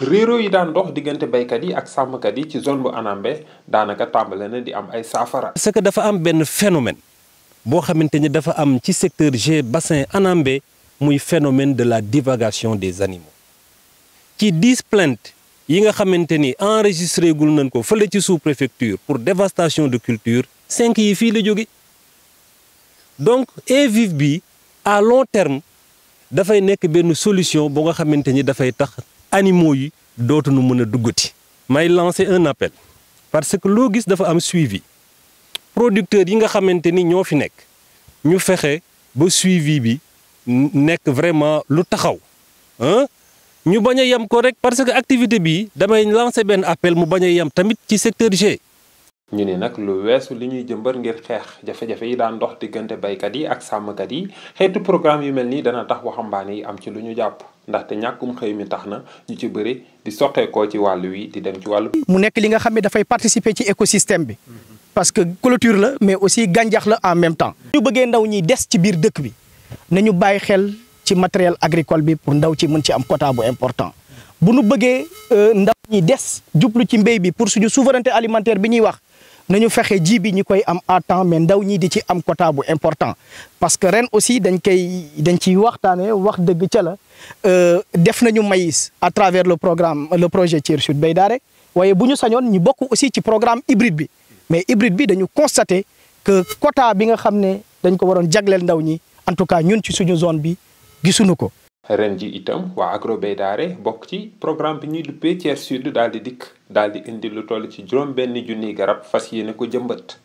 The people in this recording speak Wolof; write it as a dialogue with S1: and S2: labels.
S1: réeroo yi daan dox diggante béykat yi ak sàmmkat yi ci zone bu Anambé daanaka tàmbale na di am ay saafara.
S2: parce que dafa am benn phénomène boo xamante ni dafa am ci secteur G bassin Anambé muy phénomène de la divagation des animaux ci dix plaintes yi nga xamante ni enregistré gul nañ ko fële ci sous préfecture pour dévastation de culture cinq yi fii la jóge donc Evive bi à long terme dafay nekk benn solution bu nga xamante ni dafay tax. animaux yi dootuñu mën a duggati. may lancer un appel parce que loo gis dafa am suivi producteurs yi nga xamante ni ñoo fi nekk ñu fexe ba suivi bi nekk vraiment lu taxaw ah ñu bañ a yem ko rek parce que activité bi damay lancer benn appel mu bañ a yem tamit ci secteur G. ñu ni nag
S1: lu weesu li ñuy jëmbër ngir xeex jafe-jafe yi daan dox diggante baykat yi ak sàmmkat yi xeetu programme yu mel nii dana tax waxambaane yi am ci lu ñu jàpp ndaxte ñàkkum xëy mi tax na ñu ci bëri di soqeekoo ci wàllu wi di dem ci
S3: mu nekk li nga xam ne dafay participer ci écosystème bi. parce que clôture la mais aussi gàncax la en même temps. ñu bëggee ndaw ñi des ci biir dëkk bi nañu bàyyi xel ci matériel agricole bi pour ndaw ci mën ci am quota bu important bu nu bëggee euh, ndaw ñi des jublu ci mbey bi pour suñu souveraineté alimentaire bi ñuy wax. nañu fexe ji bi ñu koy am à temps mais ndaw ñi di ci am quota bu important parce que ren aussi dañ koy dañ ciy waxtaanee wax dëgg ca la euh, def nañu maïs à travers le programme le projet Tiers Sud Bay Daare waaye bu ñu sañoon ñu bokk aussi ci programme hybride bi mais hybride bi dañu constater que bi nga xam ne dañ ko waroon jagleel ndaw ñi en tout cas ñun ci suñu zone bi gisuñu ko.
S1: ren ji itam waa Agro Béydare bokk ci programme bi
S3: ñuy duppee Thiès Sud daal di dikk daal di indi lu toll ci juróom benn junniy garab fas yéene ko jëmbat